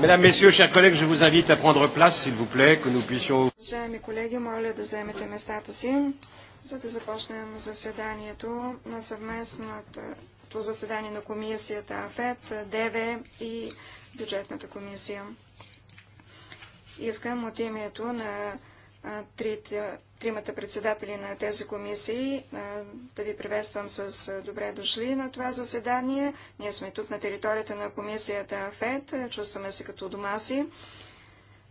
Mesdames, Messieurs, chers collègues, je vous invite à prendre place, s'il vous plaît, que nous puissions... Уважаеми колеги, моля да вземете местата си, за да започнем заседанието на съвместното заседание на комисията АФЕД, ДВ и бюджетната комисия. Искам от името на трите тримата председатели на тези комисии. Е, да ви приветствам с е, добре дошли на това заседание. Ние сме тук на територията на комисията ФЕД. Е, чувстваме се като дома си.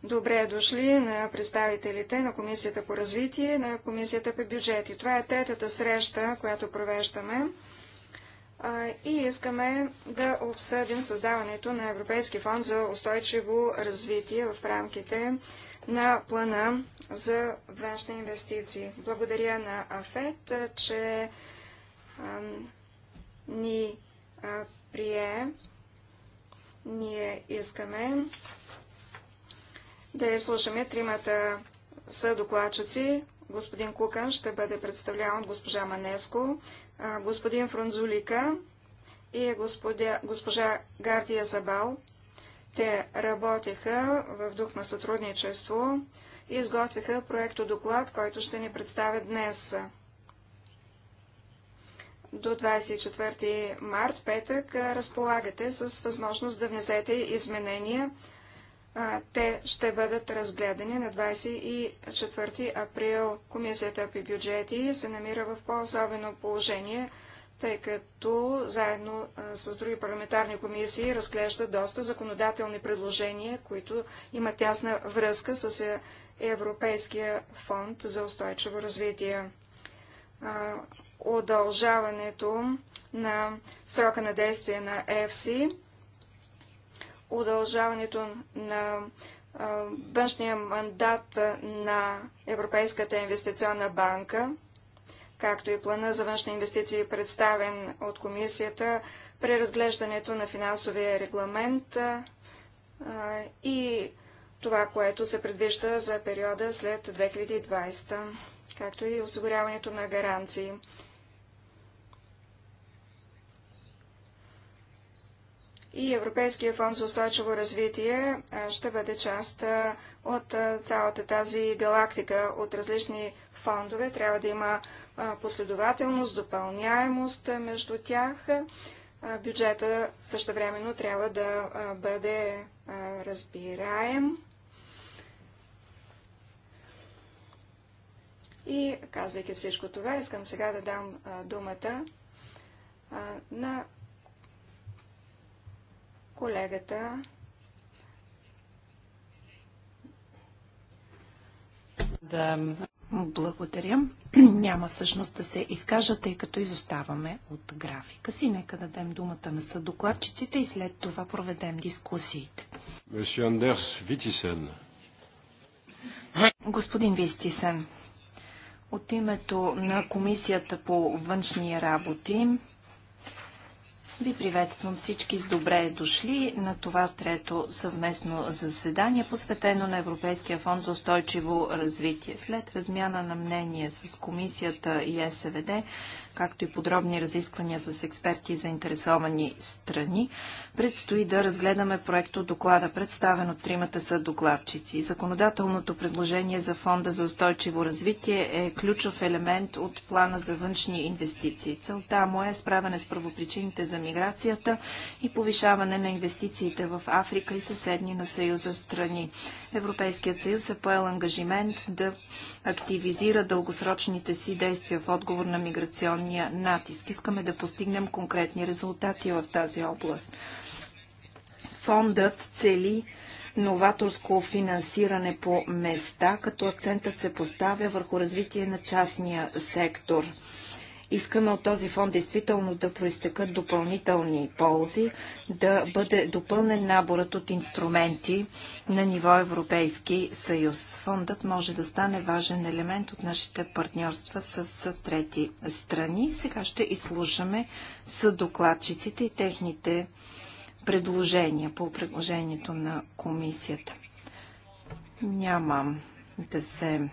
Добре дошли на представителите на Комисията по развитие, на Комисията по бюджети. Това е третата среща, която провеждаме и искаме да обсъдим създаването на Европейски фонд за устойчиво развитие в рамките на плана за външни инвестиции. Благодаря на АФЕТ, че а, ни а, прие. Ние искаме да изслушаме тримата съдокладчици. Господин Кукан ще бъде представляван от госпожа Манеско, господин Фрунзулика и госпожа Гардия Забал. Те работеха в дух на сътрудничество и изготвиха проектодоклад, който ще ни представя днес. До 24 март, петък, разполагате с възможност да внесете изменения. Те ще бъдат разгледани на 24 април. Комисията по бюджети се намира в по-особено положение – тъй като заедно с други парламентарни комисии разглежда доста законодателни предложения, които имат тясна връзка с е, Европейския фонд за устойчиво развитие. Удължаването на срока на действие на ЕФСИ, удължаването на външния мандат на Европейската инвестиционна банка, както и плана за външни инвестиции, представен от комисията, преразглеждането на финансовия регламент и това, което се предвижда за периода след 2020, както и осигуряването на гаранции. и Европейския фонд за устойчиво развитие ще бъде част от цялата тази галактика от различни фондове. Трябва да има последователност, допълняемост между тях. Бюджета същевременно трябва да бъде разбираем. И казвайки всичко това, искам сега да дам думата на колегата благодаря. Няма всъщност да се изкажа, тъй като изоставаме от графика си. Нека дадем думата на съдокладчиците и след това проведем дискусиите. Андерс Витисен. Господин Вистисен, от името на Комисията по външни работи ви приветствам всички с добре дошли на това трето съвместно заседание, посветено на Европейския фонд за устойчиво развитие. След размяна на мнение с комисията и СВД, както и подробни разисквания с експерти и заинтересовани страни, предстои да разгледаме проекто доклада, представен от тримата са докладчици. Законодателното предложение за Фонда за устойчиво развитие е ключов елемент от плана за външни инвестиции. Целта му е справяне с правопричините за миграцията и повишаване на инвестициите в Африка и съседни на Съюза страни. Европейският съюз е поел ангажимент да активизира дългосрочните си действия в отговор на миграционни социалния натиск. Искаме да постигнем конкретни резултати в тази област. Фондът цели новаторско финансиране по места, като акцентът се поставя върху развитие на частния сектор. Искаме от този фонд действително да проистекат допълнителни ползи, да бъде допълнен наборът от инструменти на ниво Европейски съюз. Фондът може да стане важен елемент от нашите партньорства с трети страни. Сега ще изслушаме с докладчиците и техните предложения по предложението на комисията. Нямам да се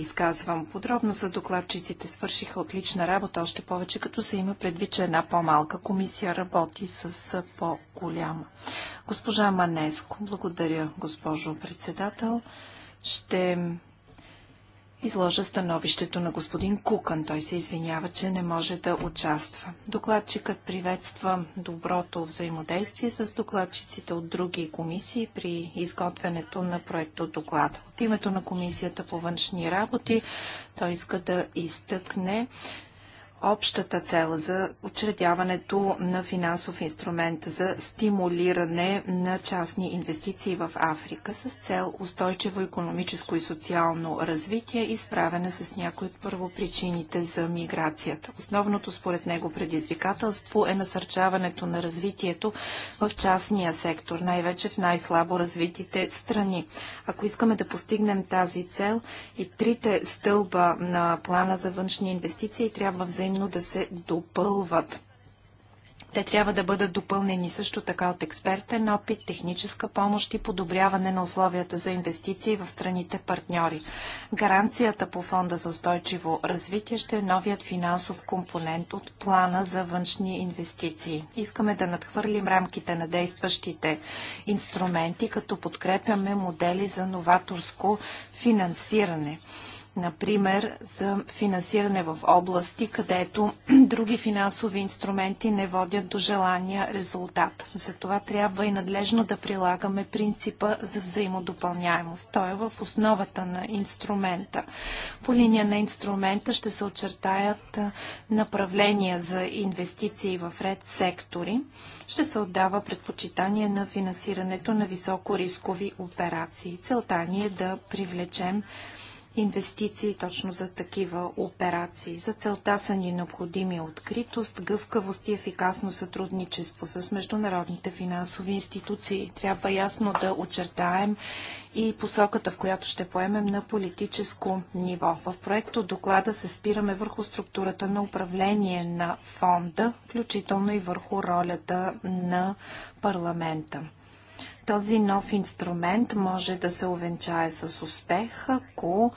изказвам подробно за докладчиците. Свършиха отлична работа, още повече като се има предвид, че една по-малка комисия работи с по-голяма. Госпожа Манеско, благодаря, госпожо председател. Ще изложа становището на господин Кукан. Той се извинява, че не може да участва. Докладчикът приветства доброто взаимодействие с докладчиците от други комисии при изготвянето на проекто доклада. От името на Комисията по външни работи той иска да изтъкне, общата цел за учредяването на финансов инструмент за стимулиране на частни инвестиции в Африка с цел устойчиво економическо и социално развитие и справяне с някои от първопричините за миграцията. Основното според него предизвикателство е насърчаването на развитието в частния сектор, най-вече в най-слабо развитите страни. Ако искаме да постигнем тази цел и трите стълба на плана за външни инвестиции трябва взаимодействие взаимно да се допълват. Те трябва да бъдат допълнени също така от експертен опит, техническа помощ и подобряване на условията за инвестиции в страните партньори. Гаранцията по Фонда за устойчиво развитие ще е новият финансов компонент от плана за външни инвестиции. Искаме да надхвърлим рамките на действащите инструменти, като подкрепяме модели за новаторско финансиране. Например, за финансиране в области, където други финансови инструменти не водят до желания резултат. Затова трябва и надлежно да прилагаме принципа за взаимодопълняемост. Той е в основата на инструмента. По линия на инструмента ще се очертаят направления за инвестиции в ред сектори. Ще се отдава предпочитание на финансирането на високорискови операции. Целта ни е да привлечем инвестиции точно за такива операции. За целта са ни необходими откритост, гъвкавост и ефикасно сътрудничество с международните финансови институции. Трябва ясно да очертаем и посоката, в която ще поемем на политическо ниво. В проекто доклада се спираме върху структурата на управление на фонда, включително и върху ролята на парламента. Този нов инструмент може да се увенчае с успех, ако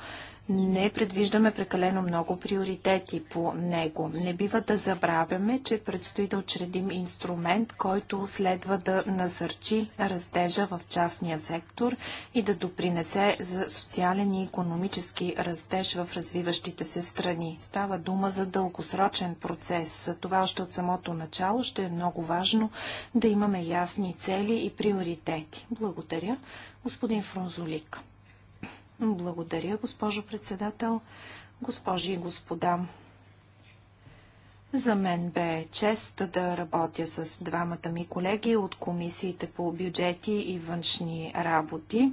не предвиждаме прекалено много приоритети по него. Не бива да забравяме, че предстои да учредим инструмент, който следва да насърчи растежа в частния сектор и да допринесе за социален и економически растеж в развиващите се страни. Става дума за дългосрочен процес. За това още от самото начало ще е много важно да имаме ясни цели и приоритети. Благодаря, господин Фрунзолик. Благодаря, госпожо председател, госпожи и господа. За мен бе чест да работя с двамата ми колеги от комисиите по бюджети и външни работи.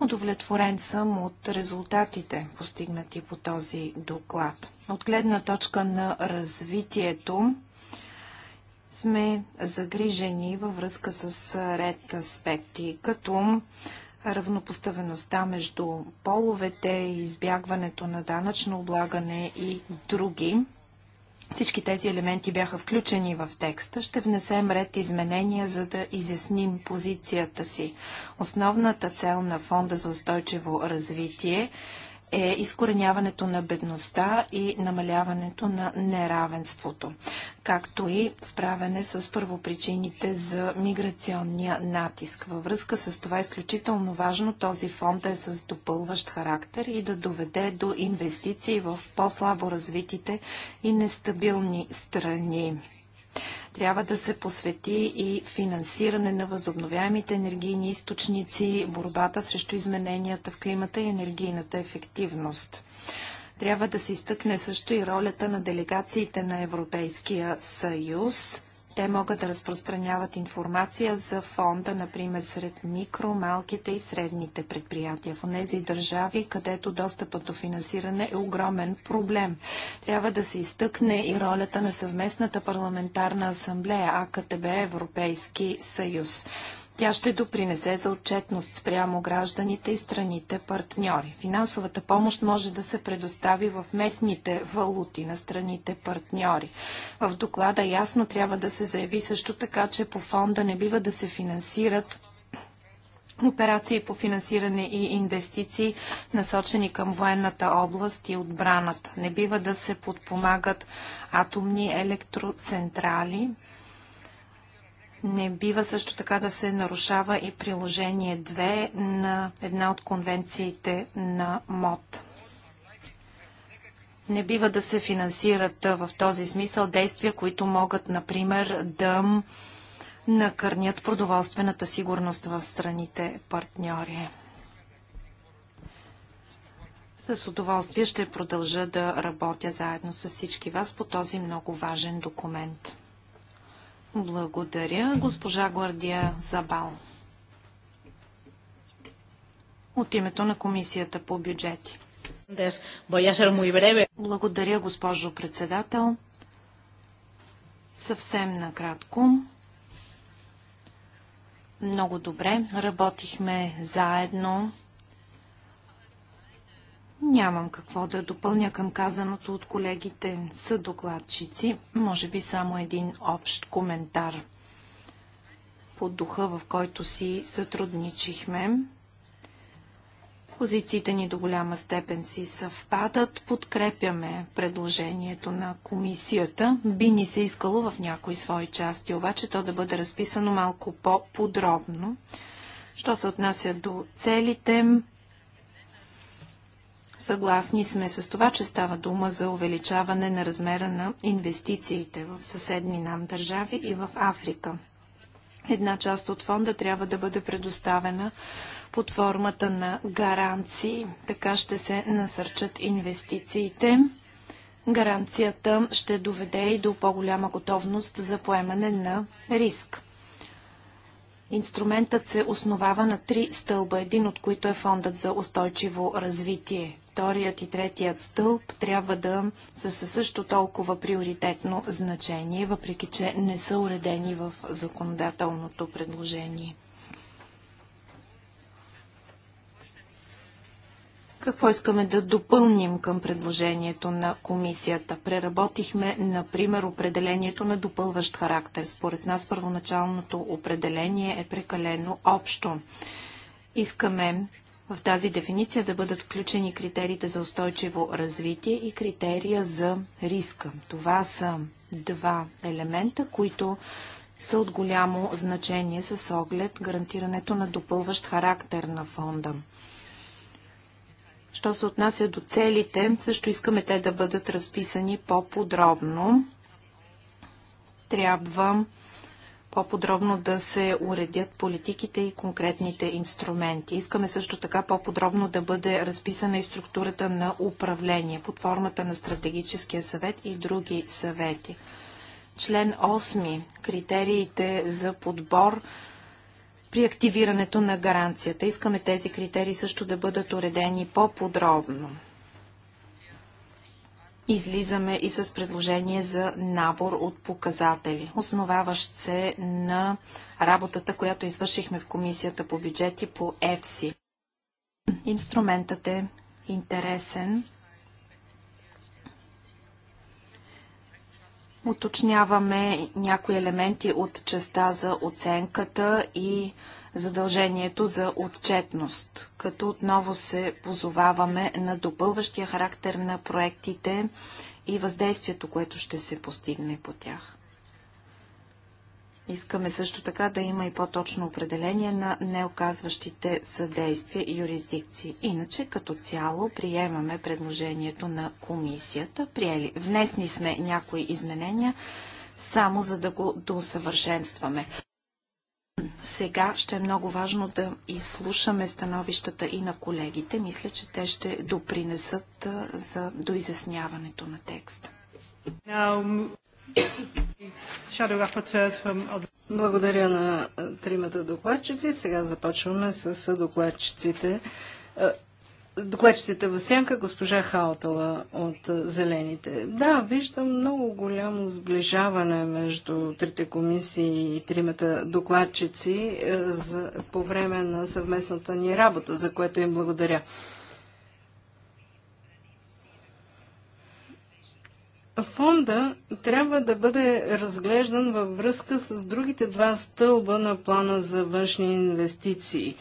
Удовлетворен съм от резултатите, постигнати по този доклад. От гледна точка на развитието сме загрижени във връзка с ред аспекти, като равнопоставеността между половете, избягването на данъчно облагане и други. Всички тези елементи бяха включени в текста. Ще внесем ред изменения, за да изясним позицията си. Основната цел на Фонда за устойчиво развитие е изкореняването на бедността и намаляването на неравенството, както и справяне с първопричините за миграционния натиск. Във връзка с това е изключително важно този фонд да е с допълващ характер и да доведе до инвестиции в по-слабо развитите и нестабилни страни. Трябва да се посвети и финансиране на възобновяемите енергийни източници, борбата срещу измененията в климата и енергийната ефективност трябва да се изтъкне също и ролята на делегациите на Европейския съюз те могат да разпространяват информация за фонда, например, сред микро, малките и средните предприятия. В тези държави, където достъпът до финансиране е огромен проблем. Трябва да се изтъкне и ролята на съвместната парламентарна асамблея АКТБ Европейски съюз. Тя ще допринесе за отчетност спрямо гражданите и страните партньори. Финансовата помощ може да се предостави в местните валути на страните партньори. В доклада ясно трябва да се заяви също така, че по фонда не бива да се финансират операции по финансиране и инвестиции, насочени към военната област и отбраната. Не бива да се подпомагат атомни електроцентрали, не бива също така да се нарушава и приложение 2 на една от конвенциите на МОД. Не бива да се финансират в този смисъл действия, които могат, например, да накърнят продоволствената сигурност в страните партньори. С удоволствие ще продължа да работя заедно с всички вас по този много важен документ. Благодаря. Госпожа Гвардия Забал. От името на Комисията по бюджети. Благодаря, госпожо председател. Съвсем накратко. Много добре. Работихме заедно Нямам какво да допълня към казаното от колегите съдокладчици. Може би само един общ коментар по духа, в който си сътрудничихме. Позициите ни до голяма степен си съвпадат. Подкрепяме предложението на комисията. Би ни се искало в някои свои части, обаче то да бъде разписано малко по-подробно. Що се отнася до целите, Съгласни сме с това, че става дума за увеличаване на размера на инвестициите в съседни нам държави и в Африка. Една част от фонда трябва да бъде предоставена под формата на гаранции. Така ще се насърчат инвестициите. Гаранцията ще доведе и до по-голяма готовност за поемане на риск. Инструментът се основава на три стълба, един от които е фондът за устойчиво развитие. Вторият и третият стълб трябва да са със също толкова приоритетно значение, въпреки че не са уредени в законодателното предложение. Какво искаме да допълним към предложението на комисията? Преработихме, например, определението на допълващ характер. Според нас първоначалното определение е прекалено общо. Искаме в тази дефиниция да бъдат включени критериите за устойчиво развитие и критерия за риска. Това са два елемента, които са от голямо значение с оглед гарантирането на допълващ характер на фонда. Що се отнася до целите, също искаме те да бъдат разписани по-подробно. Трябва по-подробно да се уредят политиките и конкретните инструменти. Искаме също така по-подробно да бъде разписана и структурата на управление под формата на стратегическия съвет и други съвети. Член 8. Критериите за подбор при активирането на гаранцията. Искаме тези критерии също да бъдат уредени по-подробно. Излизаме и с предложение за набор от показатели, основаващ се на работата, която извършихме в Комисията по бюджети по ЕФСИ. Инструментът е интересен. Уточняваме някои елементи от частта за оценката и задължението за отчетност, като отново се позоваваме на допълващия характер на проектите и въздействието, което ще се постигне по тях. Искаме също така да има и по-точно определение на неоказващите съдействие юрисдикции. Иначе, като цяло, приемаме предложението на комисията. Приели. Внесни сме някои изменения, само за да го досъвършенстваме. Сега ще е много важно да изслушаме становищата и на колегите. Мисля, че те ще допринесат за доизясняването на текста. Благодаря на тримата докладчици. Сега започваме с докладчиците. Докладчиците в сянка, госпожа Хаутала от Зелените. Да, виждам много голямо сближаване между трите комисии и тримата докладчици за, по време на съвместната ни работа, за което им благодаря. фонда трябва да бъде разглеждан във връзка с другите два стълба на плана за външни инвестиции.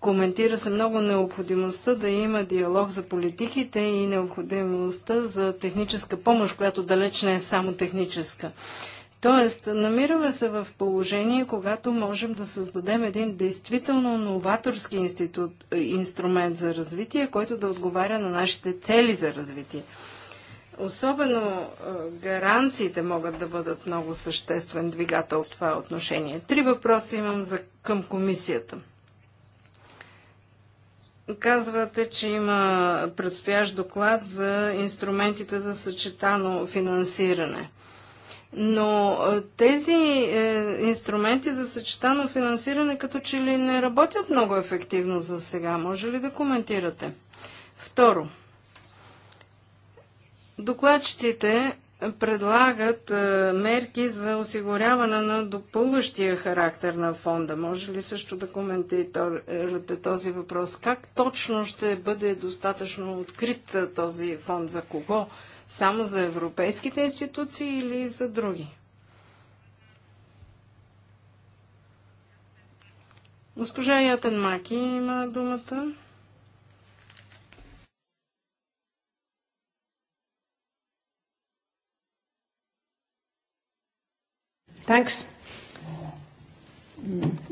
Коментира се много необходимостта да има диалог за политиките и необходимостта за техническа помощ, която далеч не е само техническа. Тоест, намираме се в положение, когато можем да създадем един действително новаторски институт, инструмент за развитие, който да отговаря на нашите цели за развитие. Особено е, гаранциите могат да бъдат много съществен двигател в това отношение. Три въпроса имам за, към комисията. Казвате, че има предстоящ доклад за инструментите за съчетано финансиране. Но е, тези е, инструменти за съчетано финансиране като че ли не работят много ефективно за сега. Може ли да коментирате? Второ, Докладчиците предлагат е, мерки за осигуряване на допълващия характер на фонда. Може ли също да коментирате този въпрос? Как точно ще бъде достатъчно открит е, този фонд? За кого? Само за европейските институции или за други? Госпожа Ятен Маки има думата. Thanks.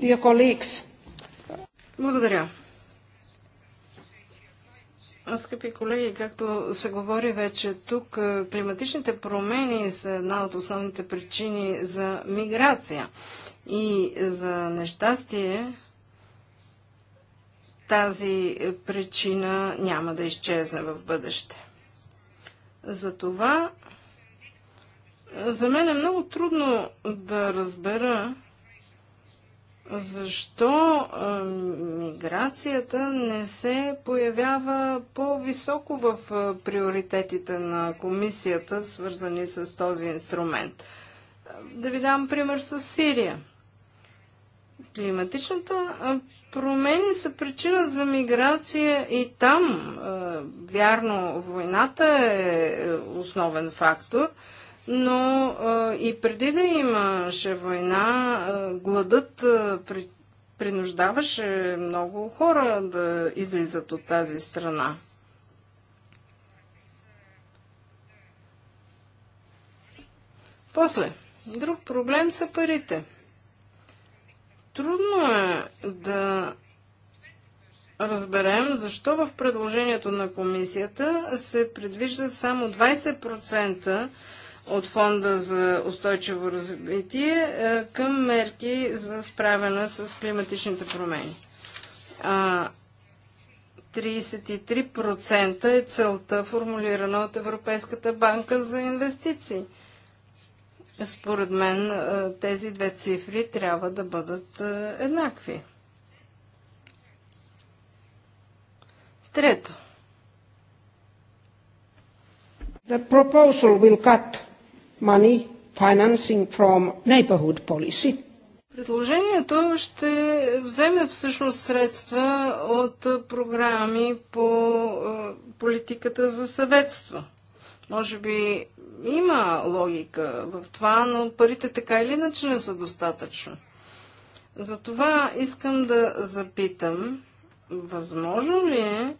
Dear colleagues. Благодаря. Скъпи колеги, както се говори вече тук, е, климатичните промени са една от основните причини за миграция и за нещастие тази причина няма да изчезне в бъдеще. Затова за мен е много трудно да разбера защо а, миграцията не се появява по-високо в а, приоритетите на комисията, свързани с този инструмент. Да ви дам пример с Сирия. Климатичната промени са причина за миграция и там. А, вярно, войната е, е основен фактор – но а, и преди да имаше война, а, гладът а, при, принуждаваше много хора да излизат от тази страна. После, друг проблем са парите. Трудно е да разберем защо в предложението на комисията се предвиждат само 20% от Фонда за устойчиво развитие е, към мерки за справяне с климатичните промени. 33% е целта, формулирана от Европейската банка за инвестиции. Според мен е, тези две цифри трябва да бъдат е, еднакви. Трето. The proposal will cut money financing from neighborhood policy. Предложението ще вземе всъщност средства от програми по е, политиката за съветство. Може би има логика в това, но парите така или иначе не са достатъчно. Затова искам да запитам, възможно ли е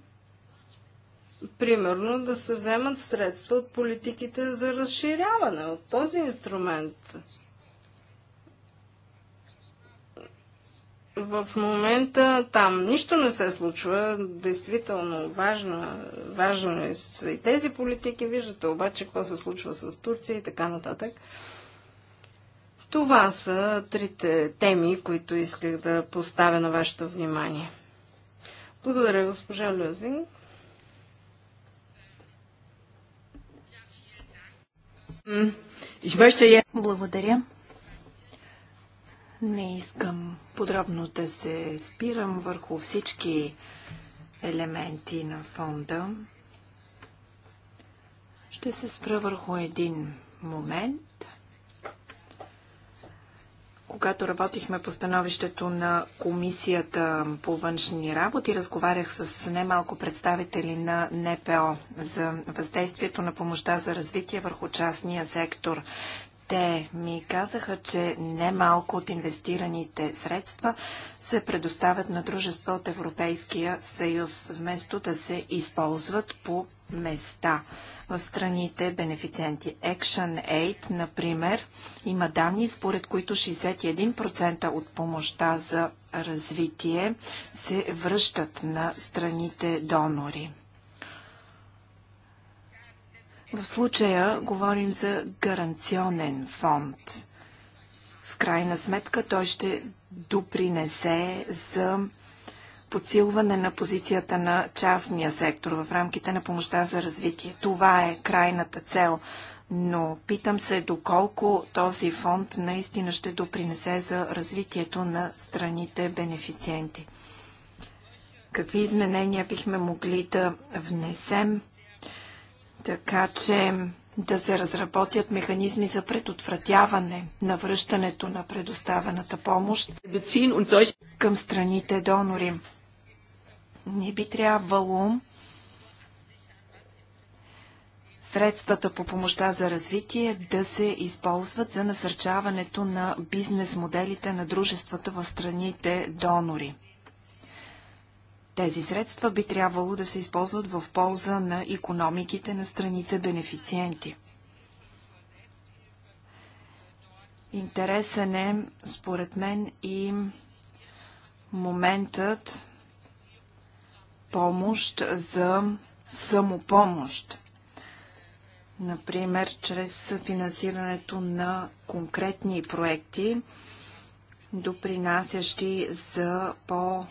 примерно да се вземат средства от политиките за разширяване, от този инструмент. В момента там нищо не се случва, действително важно, важно е са и тези политики, виждате обаче какво се случва с Турция и така нататък. Това са трите теми, които исках да поставя на вашето внимание. Благодаря, госпожа Люзинг. Благодаря. Не искам подробно да се спирам върху всички елементи на фонда. Ще се спра върху един момент. Когато работихме по становището на Комисията по външни работи, разговарях с немалко представители на НПО за въздействието на помощта за развитие върху частния сектор. Те ми казаха, че немалко от инвестираните средства се предоставят на дружества от Европейския съюз, вместо да се използват по места в страните бенефициенти. Action Aid, например, има данни, според които 61% от помощта за развитие се връщат на страните донори. В случая говорим за гаранционен фонд. В крайна сметка той ще допринесе за подсилване на позицията на частния сектор в рамките на помощта за развитие. Това е крайната цел. Но питам се доколко този фонд наистина ще допринесе за развитието на страните бенефициенти. Какви изменения бихме могли да внесем? така че да се разработят механизми за предотвратяване на връщането на предоставената помощ към страните донори. Не би трябвало средствата по помощта за развитие да се използват за насърчаването на бизнес моделите на дружествата в страните донори. Тези средства би трябвало да се използват в полза на економиките на страните бенефициенти. Интересен е, според мен, и моментът помощ за самопомощ. Например, чрез финансирането на конкретни проекти, допринасящи за по-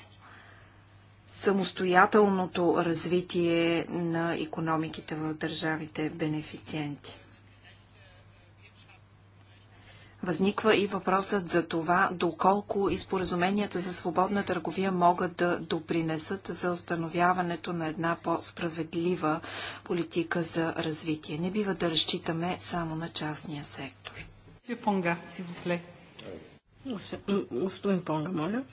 самостоятелното развитие на економиките в държавите бенефициенти. Възниква и въпросът за това, доколко и споразуменията за свободна търговия могат да допринесат за установяването на една по-справедлива политика за развитие. Не бива да разчитаме само на частния сектор. Господин Понга, моля.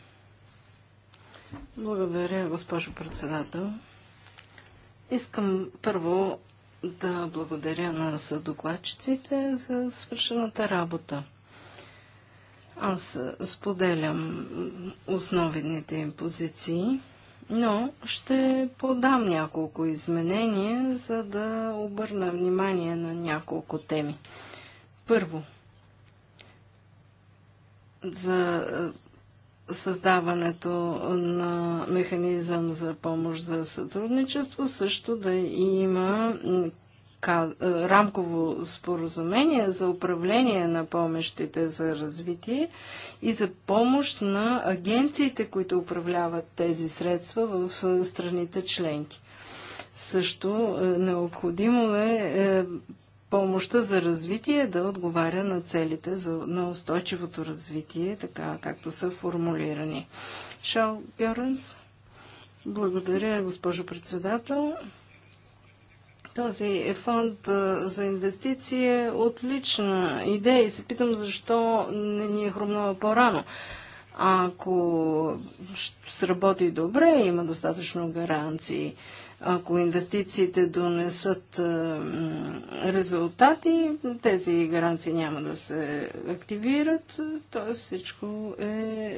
Благодаря, госпожо председател. Искам първо да благодаря на съдокладчиците за свършената работа. Аз споделям основните им позиции, но ще подам няколко изменения, за да обърна внимание на няколко теми. Първо, за създаването на механизъм за помощ за сътрудничество, също да има е, рамково споразумение за управление на помощите за развитие и за помощ на агенциите, които управляват тези средства в е, страните членки. Също е, необходимо е помощта за развитие да отговаря на целите за, на устойчивото развитие, така както са формулирани. Шал Бьоренс, благодаря, госпожо председател. Този е фонд за инвестиции е отлична идея и се питам защо не ни е хрумнала по-рано. Ако сработи добре, има достатъчно гаранции. Ако инвестициите донесат е, резултати, тези гаранции няма да се активират, е, т.е. всичко е,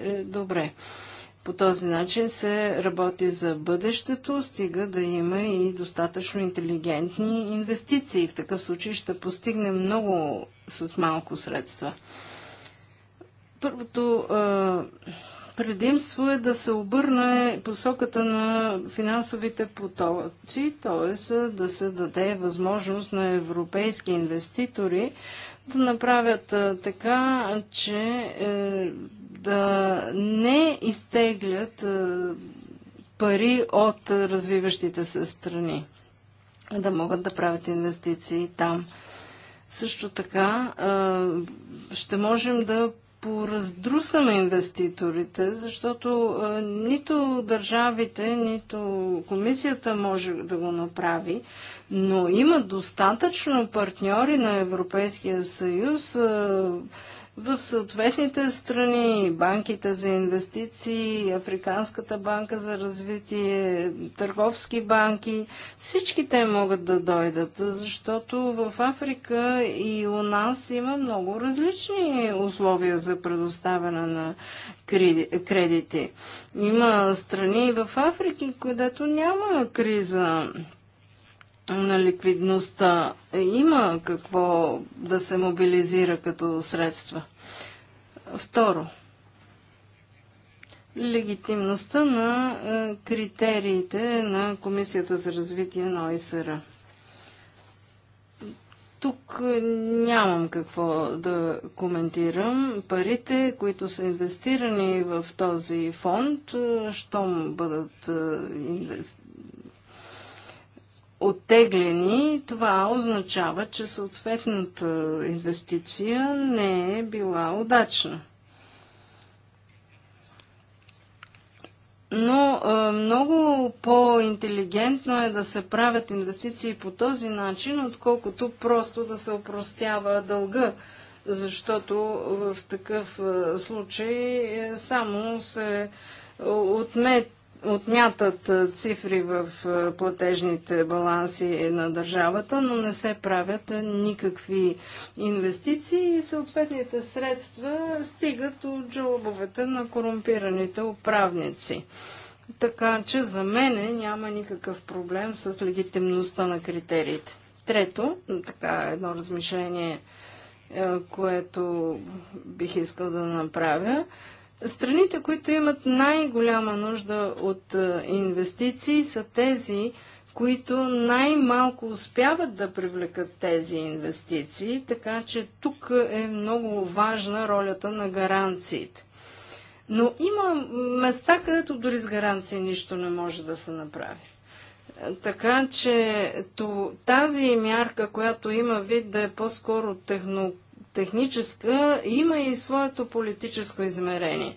е добре. По този начин се работи за бъдещето, стига да има и достатъчно интелигентни инвестиции. В такъв случай ще постигне много с малко средства. Първото предимство е да се обърне посоката на финансовите потоци, т.е. да се даде възможност на европейски инвеститори да направят така, че е, да не изтеглят а, пари от развиващите се страни, да могат да правят инвестиции там. Също така ще можем да пораздрусаме инвеститорите, защото нито държавите, нито комисията може да го направи, но има достатъчно партньори на Европейския съюз, в съответните страни, банките за инвестиции, Африканската банка за развитие, търговски банки, всички те могат да дойдат, защото в Африка и у нас има много различни условия за предоставяне на кредити. Има страни в Африка, където няма криза на ликвидността. Има какво да се мобилизира като средства. Второ, легитимността на е, критериите на Комисията за развитие на ОИСР. Тук е, нямам какво да коментирам. Парите, които са инвестирани в този фонд, е, щом бъдат инвестирани оттеглени, това означава, че съответната инвестиция не е била удачна. Но много по-интелигентно е да се правят инвестиции по този начин, отколкото просто да се опростява дълга, защото в такъв случай е, само се отмет отмятат цифри в платежните баланси на държавата, но не се правят никакви инвестиции и съответните средства стигат от джобовете на корумпираните управници. Така че за мене няма никакъв проблем с легитимността на критериите. Трето, така едно размишление, е, което бих искал да направя, Страните, които имат най-голяма нужда от е, инвестиции, са тези, които най-малко успяват да привлекат тези инвестиции, така че тук е много важна ролята на гаранциите. Но има места, където дори с гаранции нищо не може да се направи. Така че тази мярка, която има вид да е по-скоро техно, техническа, има и своето политическо измерение.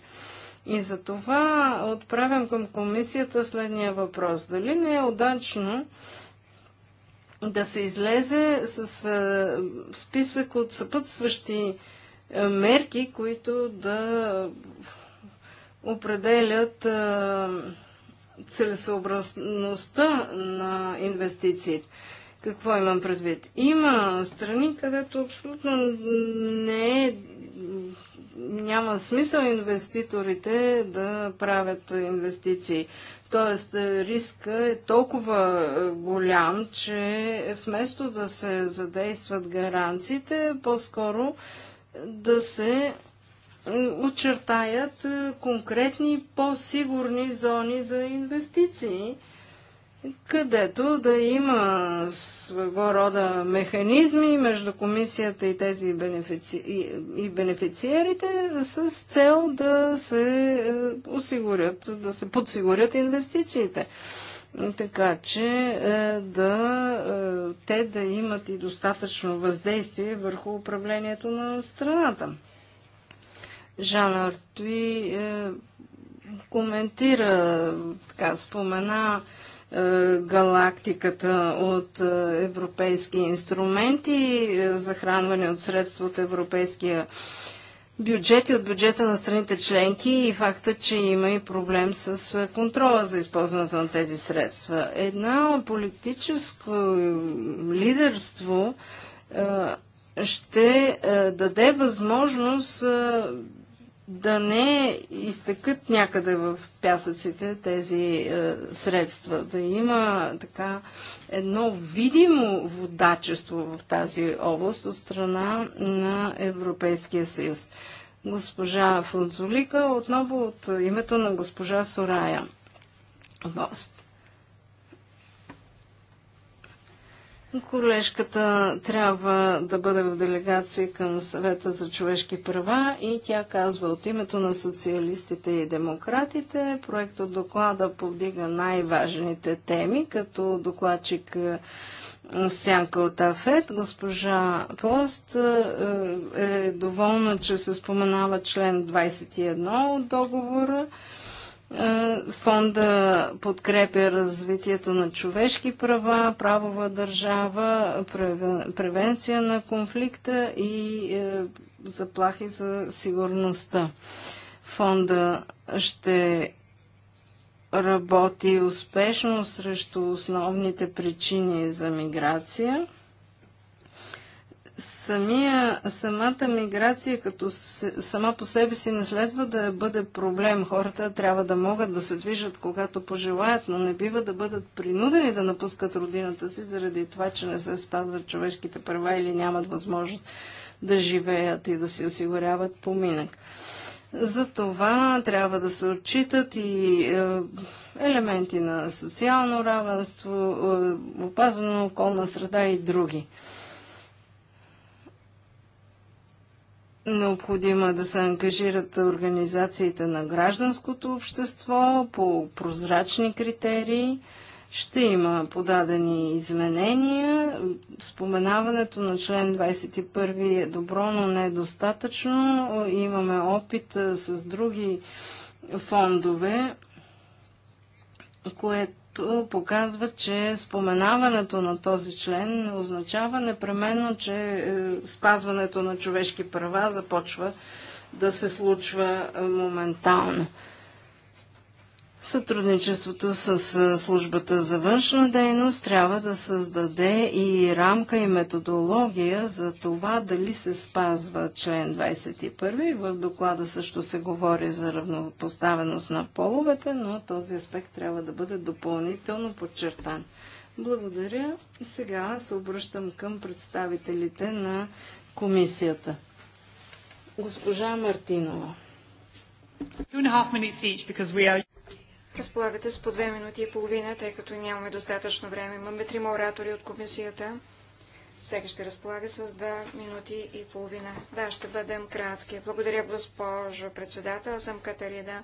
И за това отправям към комисията следния въпрос. Дали не е удачно да се излезе с а, списък от съпътстващи а, мерки, които да определят а, целесообразността на инвестициите. Какво имам предвид? Има страни, където абсолютно не е, няма смисъл инвеститорите да правят инвестиции. Тоест е, риска е толкова е, голям, че вместо да се задействат гаранциите, по-скоро да се е, очертаят конкретни по-сигурни зони за инвестиции – където да има своего рода механизми между комисията и тези бенефици... и бенефициерите с цел да се е, осигурят, да се подсигурят инвестициите. Така че е, да, е, те да имат и достатъчно въздействие върху управлението на страната. Жан Артуи коментира, така спомена, е, галактиката от е, европейски инструменти, е, захранване от средства от европейския бюджет и от бюджета на страните членки и факта, че има и проблем с контрола за използването на тези средства. Една политическо лидерство ще даде възможност да не изтъкат някъде в пясъците тези е, средства, да има така едно видимо водачество в тази област от страна на Европейския съюз. Госпожа Фрунзолика, отново от името на госпожа Сорая. Мост. Колежката трябва да бъде в делегация към съвета за човешки права и тя казва от името на социалистите и демократите. Проектът доклада повдига най-важните теми, като докладчик е, Сянка от Афет. Госпожа Пост е, е, е доволна, че се споменава член 21 от договора е, фонда подкрепя развитието на човешки права, правова държава, превенция на конфликта и е, заплахи за сигурността. Фонда ще работи успешно срещу основните причини за миграция самия, самата миграция като се, сама по себе си не следва да бъде проблем. Хората трябва да могат да се движат когато пожелаят, но не бива да бъдат принудени да напускат родината си заради това, че не се спазват човешките права или нямат възможност да живеят и да си осигуряват поминък. За това трябва да се отчитат и е, елементи на социално равенство, е, опазване на околна среда и други. Необходимо е да се ангажират организациите на гражданското общество по прозрачни критерии. Ще има подадени изменения. Споменаването на член 21 е добро, но не е достатъчно. Имаме опит с други фондове, което показва, че споменаването на този член не означава непременно, че е, спазването на човешки права започва да се случва моментално. Сътрудничеството с службата за външна дейност трябва да създаде и рамка и методология за това дали се спазва член 21. В доклада също се говори за равнопоставеност на половете, но този аспект трябва да бъде допълнително подчертан. Благодаря. И сега се обръщам към представителите на комисията. Госпожа Мартинова. Two and a half minutes each because we are Разполагате с по две минути и половина, тъй като нямаме достатъчно време. Имаме трима оратори от комисията. Всеки ще разполага с две минути и половина. Да, ще бъдем кратки. Благодаря, госпожо председател. Аз съм Катерина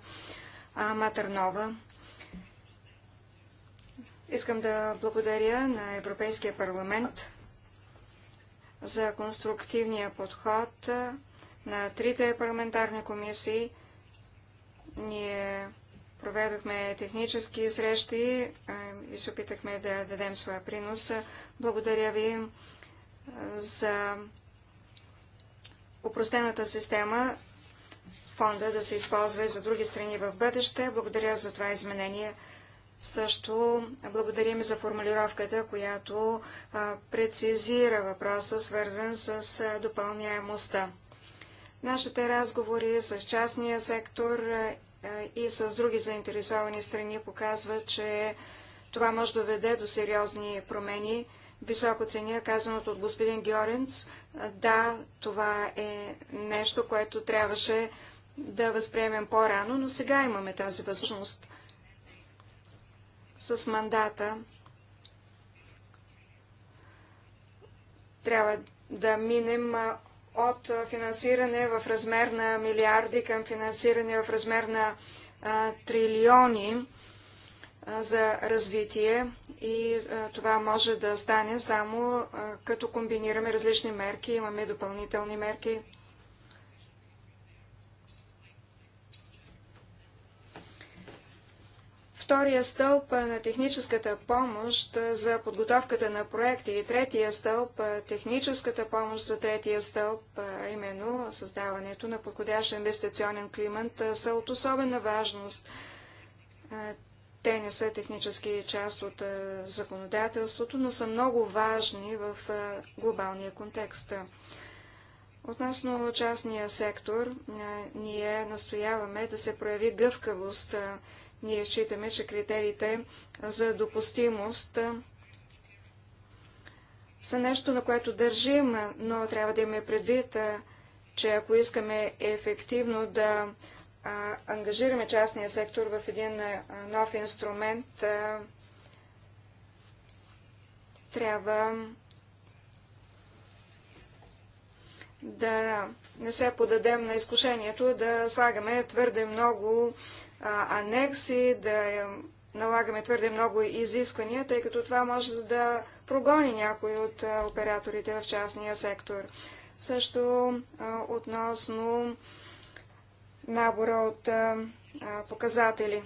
Матърнова. Искам да благодаря на Европейския парламент за конструктивния подход на трите парламентарни комисии. Ние Проведохме технически срещи и се опитахме да дадем своя принос. Благодаря ви за упростената система фонда да се използва и за други страни в бъдеще. Благодаря за това изменение. Също благодарим за формулировката, която прецизира въпроса, свързан с допълняемостта. Нашите разговори с частния сектор е, и с други заинтересовани страни показва, че това може да доведе до сериозни промени. Високо ценя казаното от господин Георенц. Е, да, това е нещо, което трябваше да възприемем по-рано, но сега имаме тази възможност с мандата. Трябва да минем е, от финансиране в размер на милиарди към финансиране в размер на а, трилиони а, за развитие и а, това може да стане само като комбинираме различни мерки, имаме допълнителни мерки. втория стълб на техническата помощ за подготовката на проекти и третия стълб, техническата помощ за третия стълб, именно създаването на подходящ инвестиционен климат, са от особена важност. Те не са технически част от законодателството, но са много важни в глобалния контекст. Относно частния сектор, ние настояваме да се прояви гъвкавост ние считаме, че критериите за допустимост са нещо, на което държим, но трябва да имаме предвид, че ако искаме ефективно да ангажираме частния сектор в един нов инструмент, трябва да не се подадем на изкушението да слагаме твърде много анекси, да налагаме твърде много изисквания, тъй като това може да прогони някой от операторите в частния сектор. Също относно набора от показатели.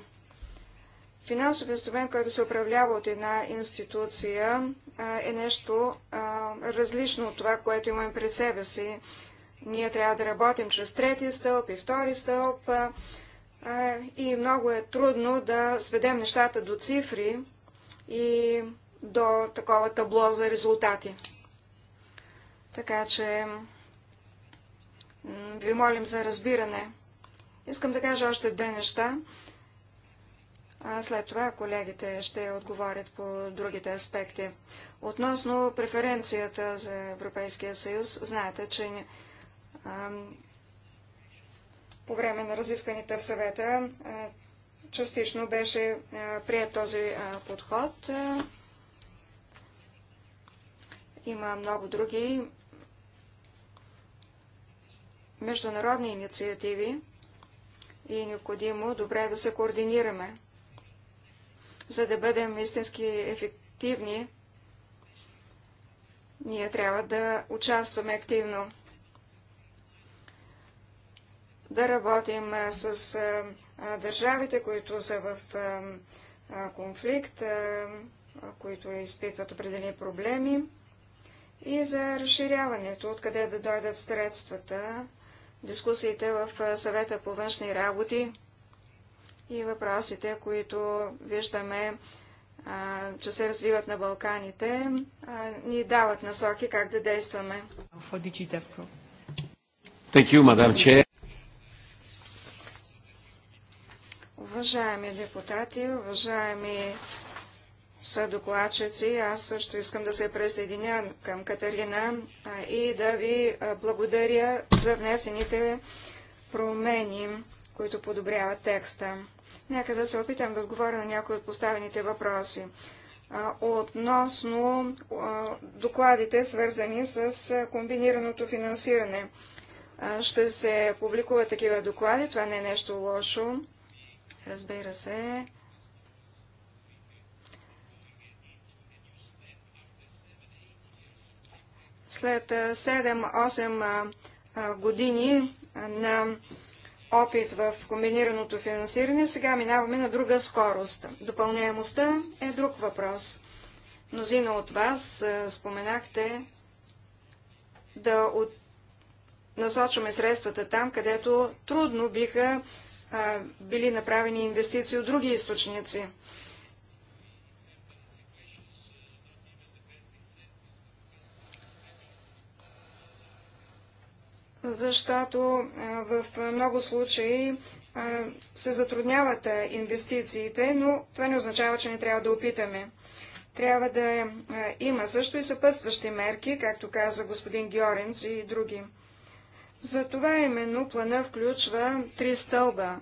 Финансов инструмент, който се управлява от една институция, е нещо различно от това, което имаме пред себе си. Ние трябва да работим чрез трети стълб и втори стълб, и много е трудно да сведем нещата до цифри и до такова табло за резултати. Така че ви молим за разбиране. Искам да кажа още две неща. А след това колегите ще отговорят по другите аспекти. Относно преференцията за Европейския съюз, знаете, че по време на разисканите в съвета частично беше прият този подход. Има много други международни инициативи и е необходимо добре да се координираме, за да бъдем истински ефективни. Ние трябва да участваме активно да работим с държавите, които са в конфликт, които изпитват определени проблеми и за разширяването, откъде да дойдат средствата, дискусиите в съвета по външни работи и въпросите, които виждаме, а, че се развиват на Балканите, а, ни дават насоки как да действаме. Thank you, Уважаеми депутати, уважаеми съдокладчици, аз също искам да се присъединя към Катерина и да ви благодаря за внесените промени, които подобряват текста. Нека да се опитам да отговоря на някои от поставените въпроси. Относно докладите, свързани с комбинираното финансиране. Ще се публикуват такива доклади, това не е нещо лошо. Разбира се, след 7-8 години на опит в комбинираното финансиране, сега минаваме на друга скорост. Допълняемостта е друг въпрос. Мнозина от вас споменахте да от... насочваме средствата там, където трудно биха а, били направени инвестиции от други източници. Защото а, в много случаи а, се затрудняват инвестициите, но това не означава, че не трябва да опитаме. Трябва да има също и съпътстващи мерки, както каза господин Георенц и други. Затова именно плана включва три стълба.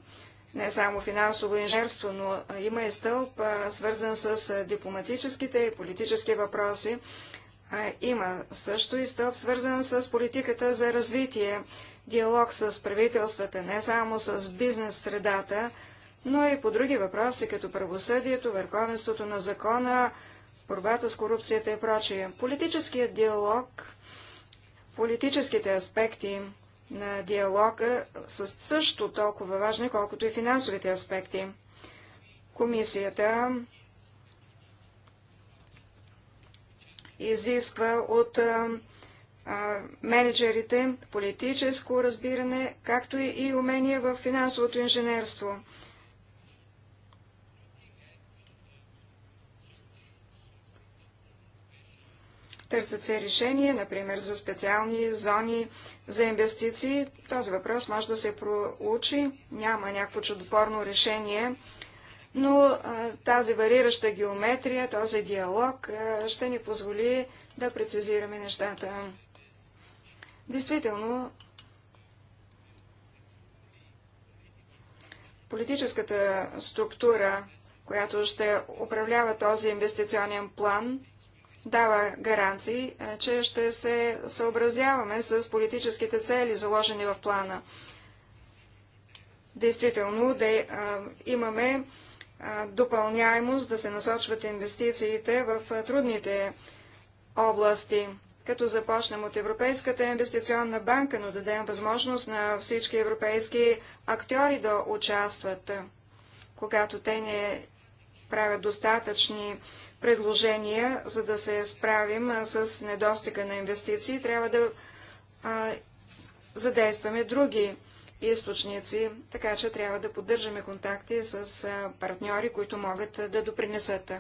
Не само финансово инженерство, но има и стълб, свързан с дипломатическите и политически въпроси. Има също и стълб, свързан с политиката за развитие, диалог с правителствата, не само с бизнес средата, но и по други въпроси, като правосъдието, върховенството на закона, борбата с корупцията и прочие. Политическият диалог, политическите аспекти на диалога са също толкова важни, колкото и финансовите аспекти. Комисията изисква от менеджерите политическо разбиране, както и умения в финансовото инженерство. Търсят се решения, например, за специални зони за инвестиции. Този въпрос може да се проучи. Няма някакво чудотворно решение, но тази варираща геометрия, този диалог ще ни позволи да прецизираме нещата. Действително, политическата структура, която ще управлява този инвестиционен план, дава гаранции, е, че ще се съобразяваме с политическите цели, заложени в плана. Действително да е, имаме допълняемост, да се насочват инвестициите в трудните области. Като започнем от Европейската инвестиционна банка, но дадем възможност на всички европейски актьори да участват, когато те не правят достатъчни предложения, за да се справим с недостига на инвестиции, трябва да задействаме други източници, така че трябва да поддържаме контакти с партньори, които могат да допринесат.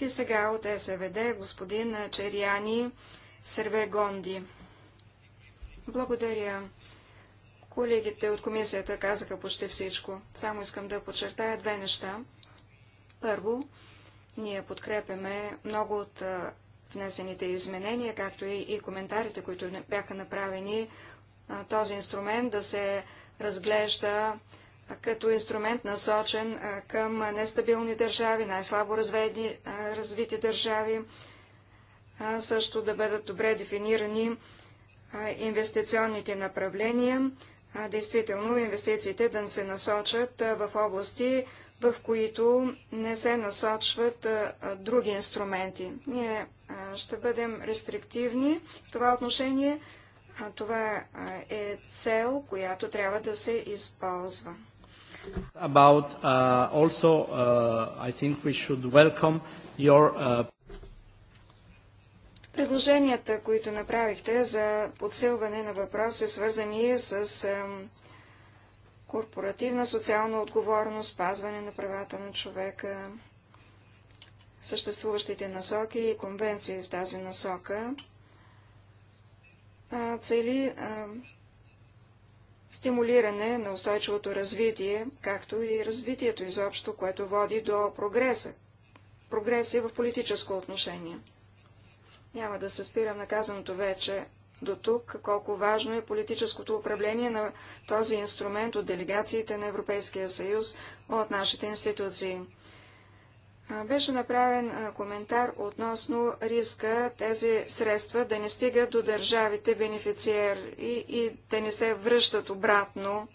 И сега от СВД господин Черяни Сервегонди. Благодаря. Колегите от комисията казаха почти всичко. Само искам да подчертая две неща. Първо, ние подкрепяме много от внесените изменения, както и, и коментарите, които бяха направени, а, този инструмент да се разглежда а, като инструмент насочен към нестабилни държави, най-слабо развити държави, също да бъдат добре дефинирани инвестиционните направления, действително инвестициите да се насочат в области, в които не се насочват други инструменти. Ние ще бъдем рестриктивни в това отношение. Това е цел, която трябва да се използва. About, uh, also, uh, I think we should welcome your uh... Предложенията, които направихте за подсилване на въпроси, свързани с корпоративна социална отговорност, спазване на правата на човека, съществуващите насоки и конвенции в тази насока, цели стимулиране на устойчивото развитие, както и развитието изобщо, което води до прогреса, прогреси в политическо отношение. Няма да се спирам на казаното вече до тук, колко важно е политическото управление на този инструмент от делегациите на Европейския съюз, от нашите институции. Беше направен коментар относно риска тези средства да не стигат до държавите бенефициер и, и да не се връщат обратно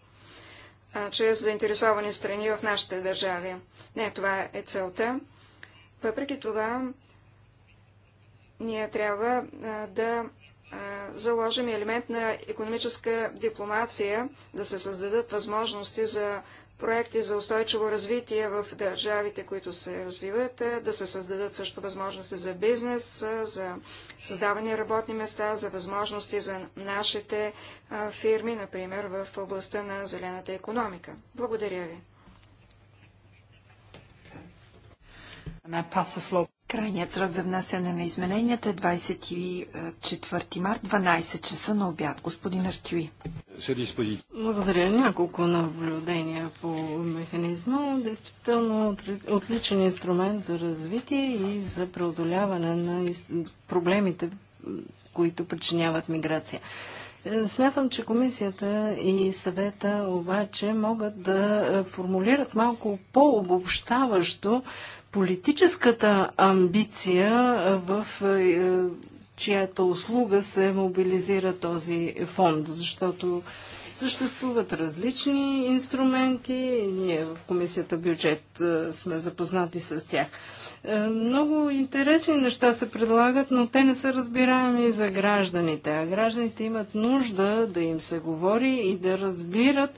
а, чрез заинтересовани страни в нашите държави. Не, това е целта. Въпреки това, ние трябва да заложим елемент на економическа дипломация, да се създадат възможности за проекти за устойчиво развитие в държавите, които се развиват, да се създадат също възможности за бизнес, за създаване работни места, за възможности за нашите фирми, например в областта на зелената економика. Благодаря ви. Крайният срок за внасяне на измененията е 24 март, 12 часа на обяд. Господин Артюи. Благодаря. Няколко наблюдения по механизма. Действително отличен инструмент за развитие и за преодоляване на проблемите, които причиняват миграция. Е, смятам, че комисията и съвета обаче могат да е, формулират малко по-обобщаващо политическата амбиция в е, чиято услуга се мобилизира този фонд, защото съществуват различни инструменти. Ние в комисията бюджет сме запознати с тях. Е, много интересни неща се предлагат, но те не са разбираеми за гражданите. А гражданите имат нужда да им се говори и да разбират,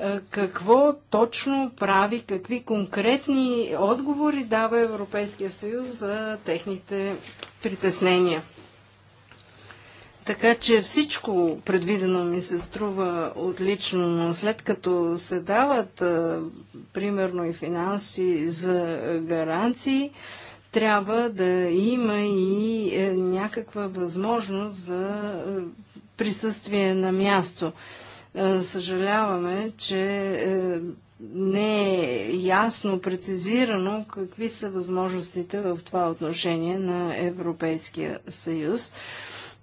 е, какво точно прави, какви конкретни отговори дава Европейския съюз за техните притеснения. Така че всичко предвидено ми се струва отлично, но след като се дават е, примерно и финанси за гаранции, трябва да има и е, някаква възможност за присъствие на място. Е, съжаляваме, че е, не е ясно прецизирано какви са възможностите в това отношение на Европейския съюз,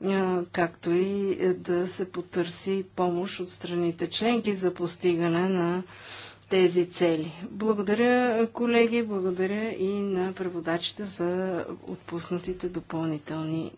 е, както и да се потърси помощ от страните членки за постигане на тези цели. Благодаря, колеги, благодаря и на преводачите за отпуснатите допълнителни